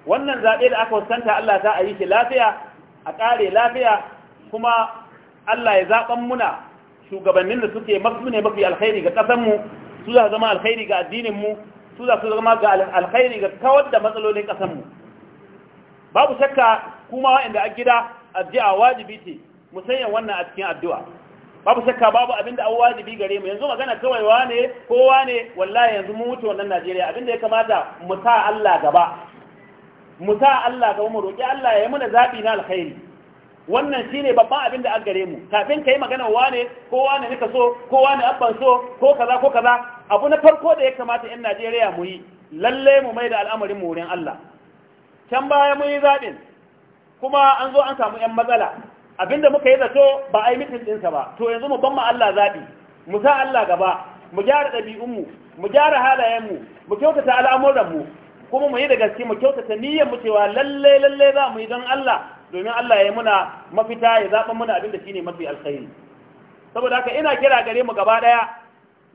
wannan zaɓe da aka wasanta Allah ta a yi shi lafiya a ƙare lafiya kuma Allah ya zaɓan muna shugabannin da suke ne mafi alkhairi ga ƙasanmu su za su zama alkhairi ga addininmu su za su zama ga alkhairi ga kawar da matsalolin ƙasanmu babu shakka kuma waɗanda a gida addu'a wajibi ce mu sanya wannan a cikin addu'a babu shakka babu abin da a wajibi gare mu yanzu magana kawai wane kowa ne wallahi yanzu mu wuce wannan Najeriya abin da ya kamata mu sa Allah gaba mu sa Allah ga mu roƙi Allah ya yi mana zaɓi na alkhairi wannan shine babban abin da an gare mu kafin ka yi magana wane ko wane nika so ko wane abban so ko kaza ko kaza abu na farko da ya kamata 'yan Najeriya mu yi lalle mu mai da al'amarin mu wurin Allah can baya mun yi zaɓin kuma an zo an samu 'yan matsala abinda muka yi zato ba a yi mitin ɗinsa ba to yanzu mu ban ma Allah zaɓi mu sa Allah gaba mu gyara ɗabi'unmu mu gyara halayenmu mu kyautata al'amuranmu kuma mu yi da gaske mu kyautata niyyar mu cewa lalle lalle za mu yi don Allah domin Allah ya yi muna mafita ya zaɓa muna abin da shine mafi alkhairi saboda haka ina kira gare mu gaba daya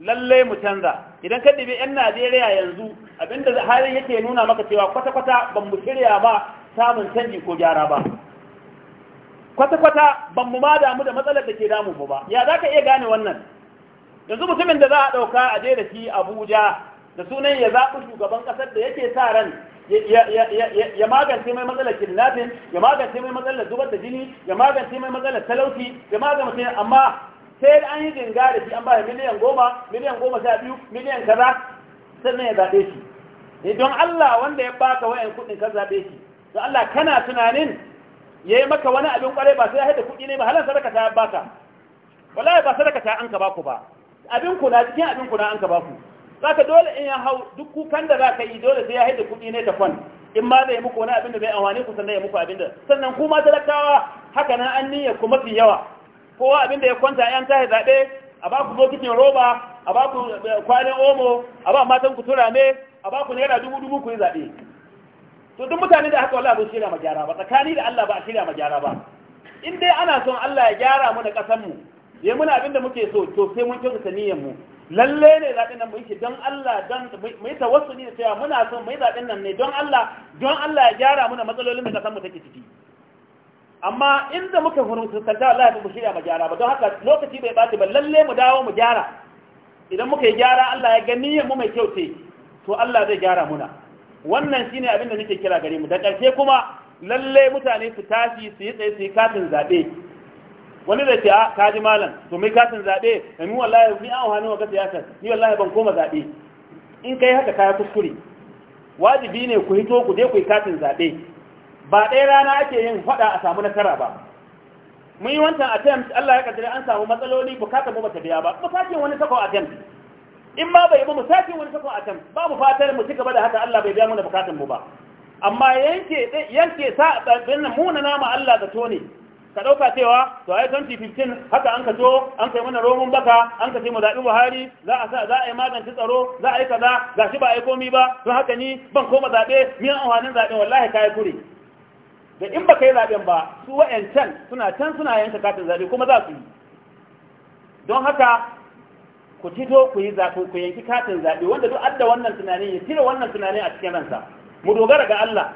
lalle mu canza idan ka dibi yan Najeriya yanzu abinda halin yake nuna maka cewa kwata kwata ban mu shirya ba samun canji ko gyara ba kwata kwata ban mu ma damu da matsalar da ke damu ba ya zaka iya gane wannan yanzu mutumin da za a ɗauka a je da shi Abuja da sunan ya zaɓi shugaban ƙasar da yake sa ran ya magance mai matsalar kidnapping ya magance mai matsalar zubar da jini ya magance mai matsalar talauci ya magance amma sai an yi dinga da shi an ba miliyan goma miliyan goma sha biyu miliyan kaza sannan ya zaɓe shi ne eh, don Allah wanda ya baka wayan kuɗin ka zaɓe shi don Allah kana tunanin ya yi maka wani abin kwarai ba sai ya haɗa kuɗi ne ba halin sadaka ta baka wallahi ba sadaka ta an ka baku ba abin ku na cikin abin ku na an ka baku zaka dole in ya hau duk kukan da zaka yi dole sai ya haida kudi ne ta kwan in ma zai muku wani abin da bai amfani ku sannan ya muku abin da sannan kuma talakawa haka nan an niyya ku mafi yawa kowa abin da ya kwanta yan tahi zaɓe a ba ku bokitin roba a ba ku eh, kwanin omo a ba matan ku turame a ba ku naira dubu dubu ku yi zaɓe to duk mutane da haka wallahi ba shirya ma gyara ba tsakani da Allah ba a shirya ma gyara ba in dai ana son Allah ya gyara mu da ƙasar mu ya muna abin da muke so to sai mun kyautata niyyar mu lalle ne zaɓen nan mu yake don Allah don mu yi tawassuli da cewa muna son mu yi zaɓen nan ne don Allah don Allah ya gyara muna matsalolin da kasan mu take ciki amma inda muka fuskanta Allah ya fi shirya mu gyara ba don haka lokaci bai bace ba lalle mu dawo mu gyara idan muka yi gyara Allah ya gani mu mai kyau ce to Allah zai gyara muna wannan shine abin da nake kira gare mu da ƙarshe kuma lalle mutane su tashi su yi tsaye su yi kafin zaɓe wani zai ce a ka ji malam to mai kasin zaɓe da eh, ni wallahi ni an hannu ga siyasar ni wallahi ban koma zaɓe in kai haka kaya kuskure wajibi ne ku hito ku je ku yi kasin zaɓe ba ɗaya rana ake yin faɗa a samu nasara ba mun yi wancan attempt Allah ya kaddare an samu matsaloli bukatar mu bata biya ba mu sake wani sako attempt in ma bai ba mu sake wani sako attempt ba mu fatar mu gaba da haka Allah bai biya mana bukatar mu ba amma yanke yanke sa nan, mu na nama Allah da to ne ka ɗauka cewa to ai 2015 haka an ka an kai mana romon baka an ka ce mu zaɓi buhari za a sa za a yi magance tsaro za a yi kaza ga shi ba a yi komi ba don haka ni ban koma zaɓe miyan amfanin zaɓe wallahi ka yi kure da in baka yi zaɓen ba su wa'yancan suna can suna yanka katin zaɓe kuma za su yi don haka ku fito ku yi zaɓe ku yanki katin zaɓe wanda duk adda wannan tunanin ya cire wannan tunanin a cikin ransa mu dogara ga Allah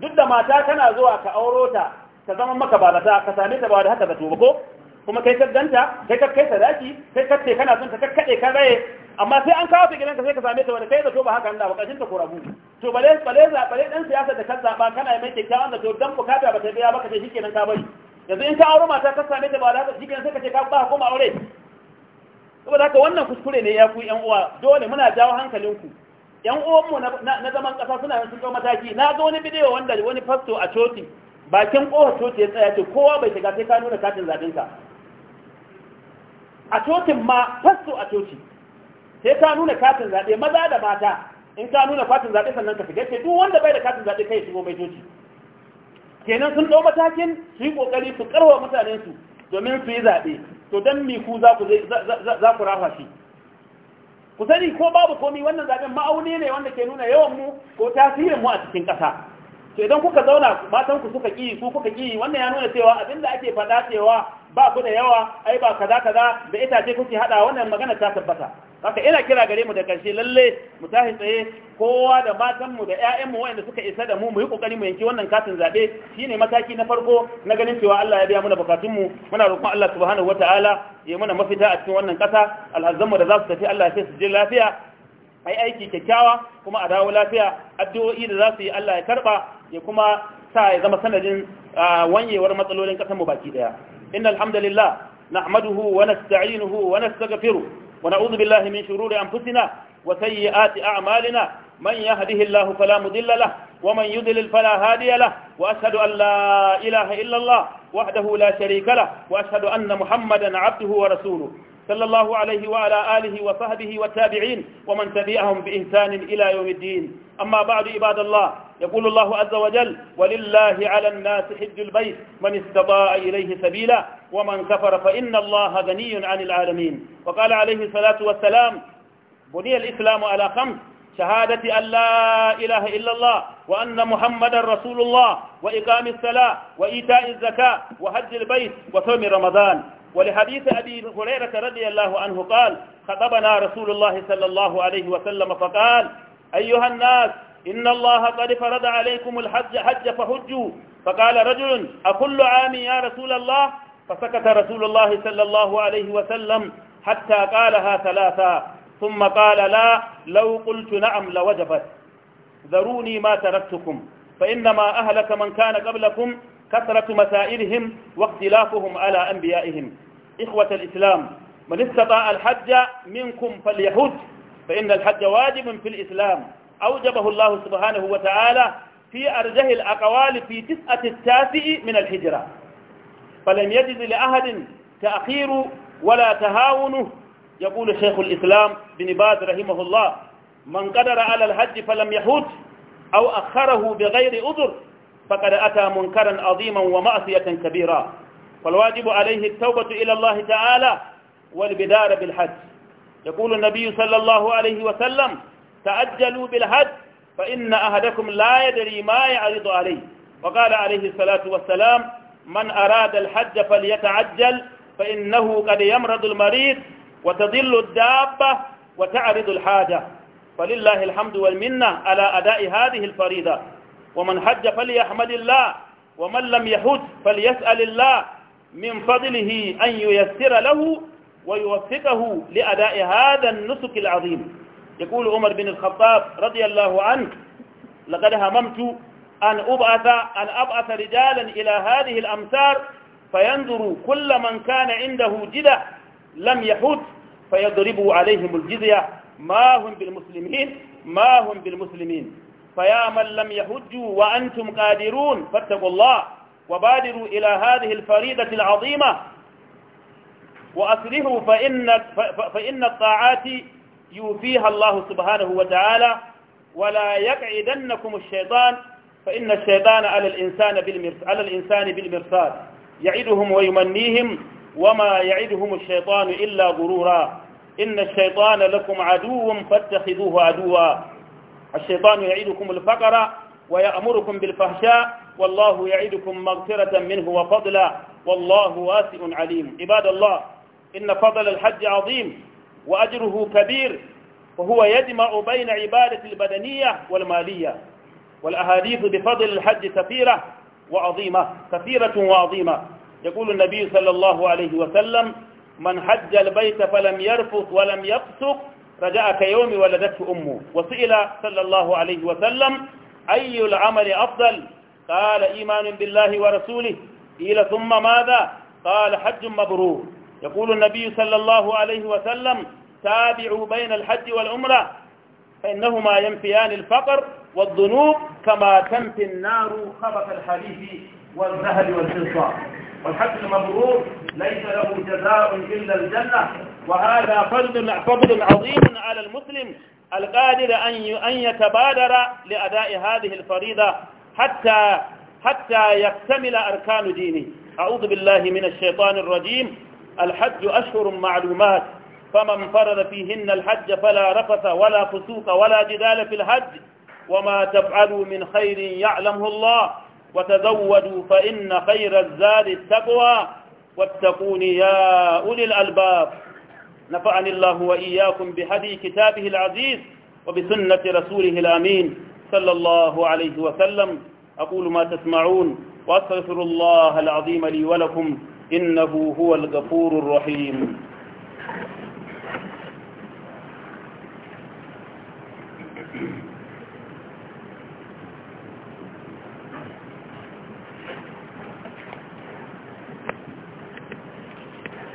duk da mata tana zuwa ka auro ta ta zama maka ba zata ka same ta ba da haka zato ba ko kuma kai ka ganta kai ka kai sadaki kai ka kana son ta kakkade ka raye amma sai an kawo ta gidanka sai ka same ta wanda kai zato ba haka Allah ba kashin ta ko rabu to bale bale za bale dan siyasa da ka zaba kana mai kyakkyawan zato dan bukata ba ta biya ba ka ce shikenan ka bari yanzu in ka aure mata ka same ta ba da haka shikenan sai ka ce ka ba kuma aure saboda haka wannan kuskure ne ya ku yan uwa dole muna jawo hankalinku yan uwanmu na zaman kasa suna sun mataki na ga wani bidiyo wanda wani fasto a coci bakin kowa coci ya tsaya ce kowa bai shiga sai ka nuna katin zaɓenka a cocin ma fasto a coci sai ka nuna katin zaɓe maza da mata in ka nuna katin zaɓe sannan ka shiga ce duk wanda bai da katin zaɓe kai shigo mai coci kenan sun ɗau matakin su yi ƙoƙari su ƙarwa mutanen su domin su yi zaɓe to don mi ku za ku rafa shi ku sani ko babu komi wannan zaɓen ma'auni ne wanda ke nuna yawan mu ko tasirin mu a cikin ƙasa to idan kuka zauna matan ku suka kiyi ku kuka kiyi wannan ya nuna cewa abinda ake fada cewa ba ku da yawa ai ba kaza kaza da itace kuke hada wannan magana ta tabbata haka ina kira gare mu da karshe lalle mu tashi tsaye kowa da matan mu da ƴaƴan mu wanda suka isa da mu mu yi kokari mu yanki wannan katin zabe shine mataki na farko na ganin cewa Allah ya biya mana bukatun mu muna roƙon Allah subhanahu wataala ya mana mafita a cikin wannan ƙasa alhazzanmu da za su tafi Allah ya su je lafiya ai aiki kyakkyawa kuma a dawo lafiya addu'o'i da zasu yi Allah ya karba ya kuma sa ya zama sanadin wanyewar matsalolin ƙasar mu baki daya inna alhamdulillah nahmaduhu wa nasta'inuhu wa nastaghfiru wa na'udhu billahi min shururi anfusina wa sayyiati a'malina man yahdihillahu fala mudilla lahu wa man yudlil fala hadiya lahu wa ashhadu an la ilaha illa allah wahdahu la sharika lahu wa ashhadu anna muhammadan 'abduhu wa rasuluhu صلى الله عليه وعلى آله وصحبه والتابعين ومن تبعهم بإنسان إلى يوم الدين أما بعد عباد الله يقول الله عز وجل ولله على الناس حج البيت من استطاع إليه سبيلا ومن كفر فإن الله غني عن العالمين وقال عليه الصلاة والسلام بني الإسلام على خمس شهادة أن لا إله إلا الله وأن محمدا رسول الله وإقام الصلاة وإيتاء الزكاة وحج البيت وصوم رمضان ولحديث أبي هريرة رضي الله عنه قال خطبنا رسول الله صلى الله عليه وسلم فقال أيها الناس إن الله قد فرض عليكم الحج حج فحجوا فقال رجل أكل عام يا رسول الله فسكت رسول الله صلى الله عليه وسلم حتى قالها ثلاثا ثم قال لا لو قلت نعم لوجبت ذروني ما تركتكم فإنما أهلك من كان قبلكم كثرة مسائلهم واختلافهم على أنبيائهم إخوة الإسلام من استطاع الحج منكم فليحج فإن الحج واجب في الإسلام أوجبه الله سبحانه وتعالى في أرجه الأقوال في تسعة التاسع من الهجرة فلم يجد لأحد تأخير ولا تهاونه يقول شيخ الإسلام بن باز رحمه الله من قدر على الحج فلم يحوت أو أخره بغير أذر فقد أتى منكرا عظيما ومعصية كبيرة فالواجب عليه التوبة إلى الله تعالى والبدار بالحج يقول النبي صلى الله عليه وسلم تأجلوا بالهد فإن أحدكم لا يدري ما يعرض عليه وقال عليه الصلاة والسلام من أراد الحج فليتعجل فإنه قد يمرض المريض وتضل الدابة وتعرض الحاجة فلله الحمد والمنة على أداء هذه الفريضة ومن حج فليحمد الله ومن لم يحج فليسأل الله من فضله أن ييسر له ويوفقه لأداء هذا النسك العظيم يقول عمر بن الخطاب رضي الله عنه لقد هممت أن أبعث, أن أبعث رجالا إلى هذه الأمثار فينظر كل من كان عنده جدع لم يحد فيضربوا عليهم الجزية ما هم بالمسلمين ما هم بالمسلمين فيا من لم يحجوا وأنتم قادرون فاتقوا الله وبادروا إلى هذه الفريضة العظيمة وأصله فإن, فإن الطاعات يوفيها الله سبحانه وتعالى ولا يقعدنكم الشيطان فإن الشيطان على الإنسان بالمرصاد على الإنسان بالمرصاد يعدهم ويمنيهم وما يعدهم الشيطان إلا غرورا إن الشيطان لكم عدو فاتخذوه عدوا الشيطان يعدكم الفقر ويأمركم بالفحشاء والله يعدكم مغفرة منه وفضلا والله واسع عليم عباد الله إن فضل الحج عظيم وأجره كبير وهو يجمع بين عبادة البدنية والمالية والأحاديث بفضل الحج كثيرة وعظيمة كثيرة وعظيمة يقول النبي صلى الله عليه وسلم من حج البيت فلم يرفث ولم يفسق رجاء كيوم ولدته أمه وسئل صلى الله عليه وسلم أي العمل أفضل قال إيمان بالله ورسوله قيل ثم ماذا قال حج مبرور يقول النبي صلى الله عليه وسلم تابعوا بين الحج والعمرة فإنهما ينفيان الفقر والذنوب كما تنفي النار خبث الحديث والذهب والفضة والحج المبرور ليس له جزاء إلا الجنة وهذا فضل فضل عظيم على المسلم القادر أن أن يتبادر لأداء هذه الفريضة حتى حتى يكتمل أركان دينه أعوذ بالله من الشيطان الرجيم الحج أشهر معلومات فمن فرض فيهن الحج فلا رفث ولا فسوق ولا جدال في الحج وما تفعلوا من خير يعلمه الله وتزودوا فإن خير الزاد التقوى واتقون يا أولي الألباب نفعني الله وإياكم بهدي كتابه العزيز وبسنة رسوله الأمين صلى الله عليه وسلم أقول ما تسمعون وأستغفر الله العظيم لي ولكم إنه هو الغفور الرحيم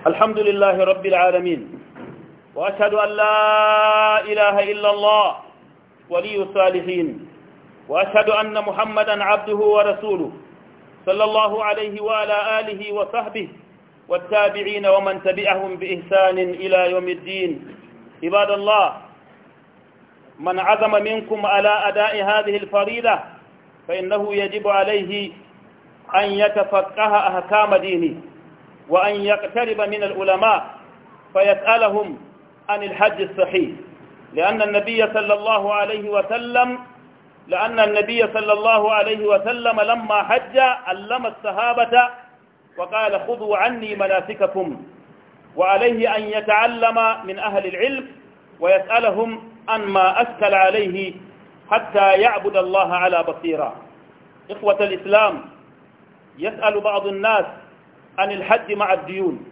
الحمد لله رب العالمين وأشهد أن لا إله إلا الله ولي الصالحين وأشهد أن محمدا عبده ورسوله صلى الله عليه وعلى آله وصحبه والتابعين ومن تبعهم بإحسان إلى يوم الدين عباد الله من عزم منكم على أداء هذه الفريضة فإنه يجب عليه أن يتفقه أحكام دينه وأن يقترب من العلماء فيسألهم عن الحج الصحيح لأن النبي صلى الله عليه وسلم لأن النبي صلى الله عليه وسلم لما حج علم الصحابة وقال خذوا عني مناسككم وعليه أن يتعلم من أهل العلم ويسألهم عن ما أسكل عليه حتى يعبد الله على بصيرة إخوة الإسلام يسأل بعض الناس عن الحج مع الديون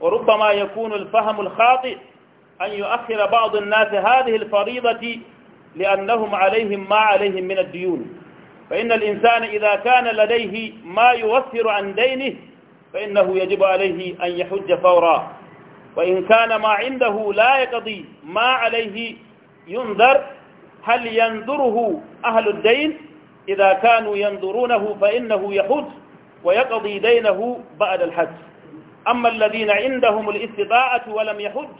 وربما يكون الفهم الخاطئ أن يؤخر بعض الناس هذه الفريضة لأنهم عليهم ما عليهم من الديون فإن الإنسان إذا كان لديه ما يوفر عن دينه فإنه يجب عليه أن يحج فورا وإن كان ما عنده لا يقضي ما عليه ينذر هل ينذره أهل الدين إذا كانوا ينذرونه فإنه يحج ويقضي دينه بعد الحج أما الذين عندهم الاستطاعة ولم يحج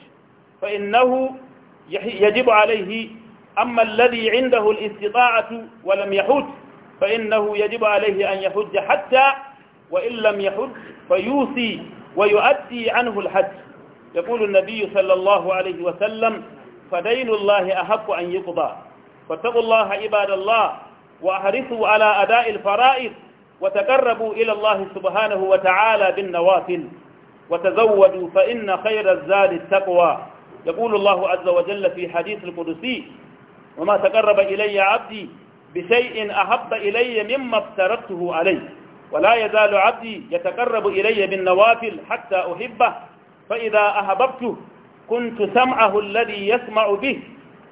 فإنه يجب عليه أما الذي عنده الاستطاعة ولم يحج فإنه يجب عليه أن يحج حتى وإن لم يحج فيوصي ويؤدي عنه الحج يقول النبي صلى الله عليه وسلم فدين الله أحق أن يقضى فاتقوا الله عباد الله وأحرصوا على أداء الفرائض وتقربوا إلى الله سبحانه وتعالى بالنوافل وتزودوا فإن خير الزاد التقوى يقول الله عز وجل في حديث القدسي وما تقرب إلي عبدي بشيء أحب إلي مما افترضته عليه ولا يزال عبدي يتقرب إلي بالنوافل حتى أحبه فإذا أحببته كنت سمعه الذي يسمع به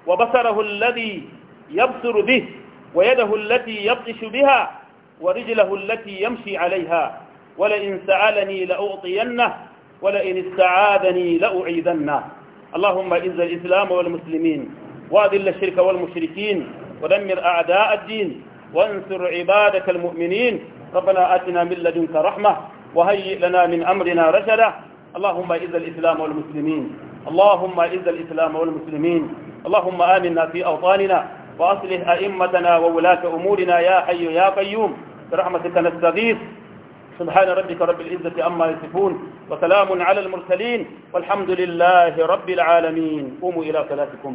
وبصره الذي يبصر به ويده التي يبطش بها ورجله التي يمشي عليها ولئن سألني لأعطينه ولئن استعاذني لأعيذنه اللهم إذ الإسلام والمسلمين وأذل الشرك والمشركين ودمر أعداء الدين وانصر عبادك المؤمنين ربنا آتنا من لدنك رحمة وهيئ لنا من أمرنا رشدا اللهم إذ الإسلام والمسلمين اللهم إذ الإسلام والمسلمين اللهم آمنا في أوطاننا وأصلح أئمتنا وولاة أمورنا يا حي يا قيوم برحمتك نستغيث سبحان ربك رب العزة أما يصفون وسلام على المرسلين والحمد لله رب العالمين قوموا إلى صلاتكم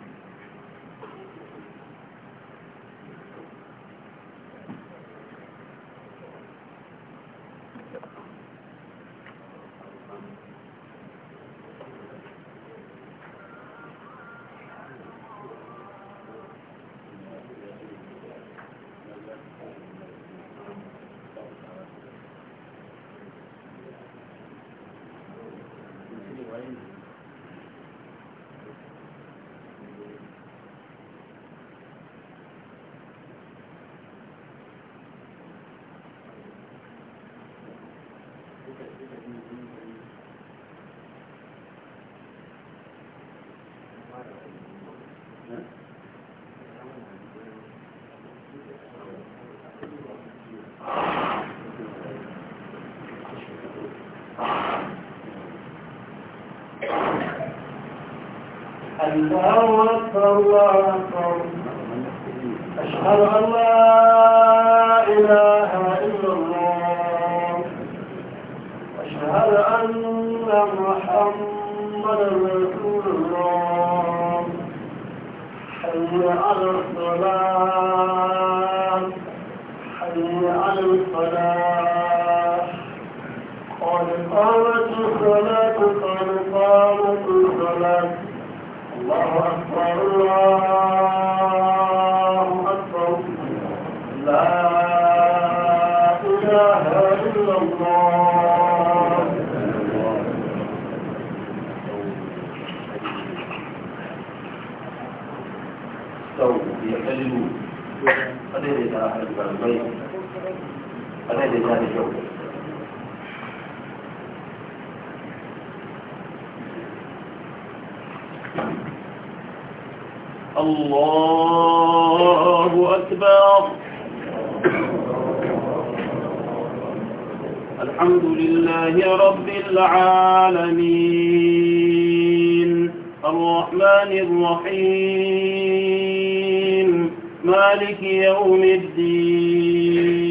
الله أكبر الله أكبر أشهد أن لا هذه هذه الله أكبر الحمد لله رب العالمين الرحمن الرحيم مالك يوم الدين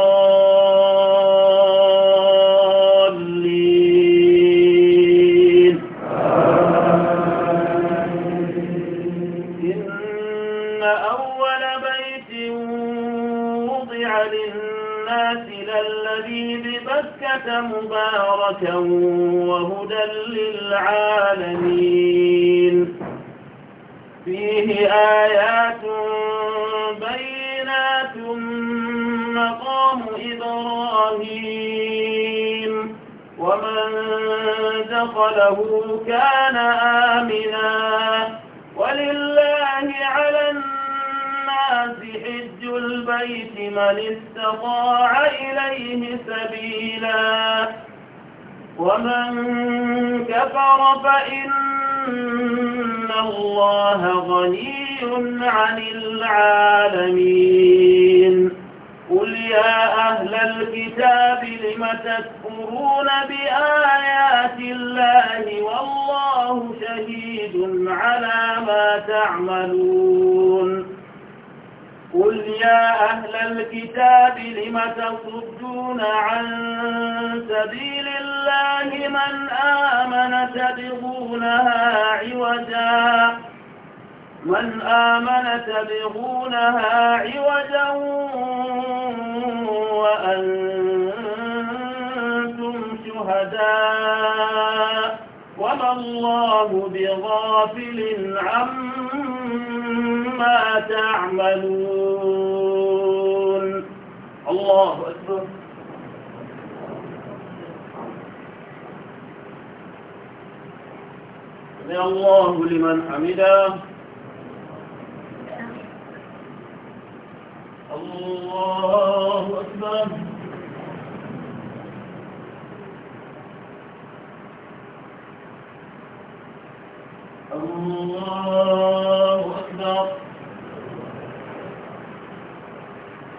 مباركا وهدى للعالمين فيه آيات بينات مقام إبراهيم ومن دخله كان آمنا ولله على الناس حج البيت من استطاع إليه سبيلا ومن كفر فإن الله غني عن العالمين قل يا أهل الكتاب لم تكفرون بآيات الله والله شهيد على ما تعملون قل يا أهل الكتاب لم تصدون عن سبيل الله من آمن تبغونها عوجا من آمن تبغونها عوجا وأنتم شهداء وما الله بغافل عما ما تعملون الله أكبر سمع الله لمن حمده الله أكبر الله أكبر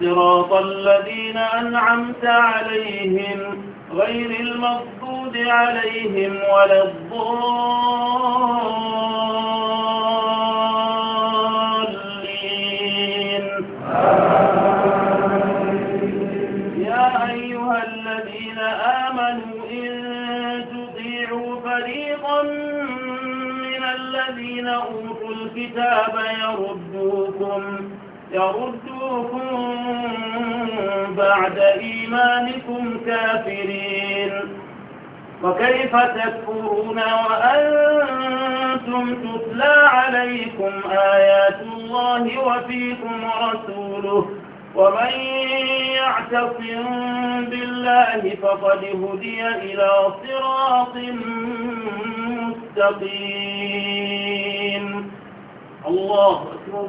صراط الذين أنعمت عليهم غير المغضوب عليهم ولا الضالين يا أيها الذين آمنوا إن تطيعوا فريقا من الذين أوتوا الكتاب يردوكم يرد بعد إيمانكم كافرين وكيف تكفرون وأنتم تتلى عليكم آيات الله وفيكم رسوله ومن يعتصم بالله فقد هدي إلى صراط مستقيم الله أكبر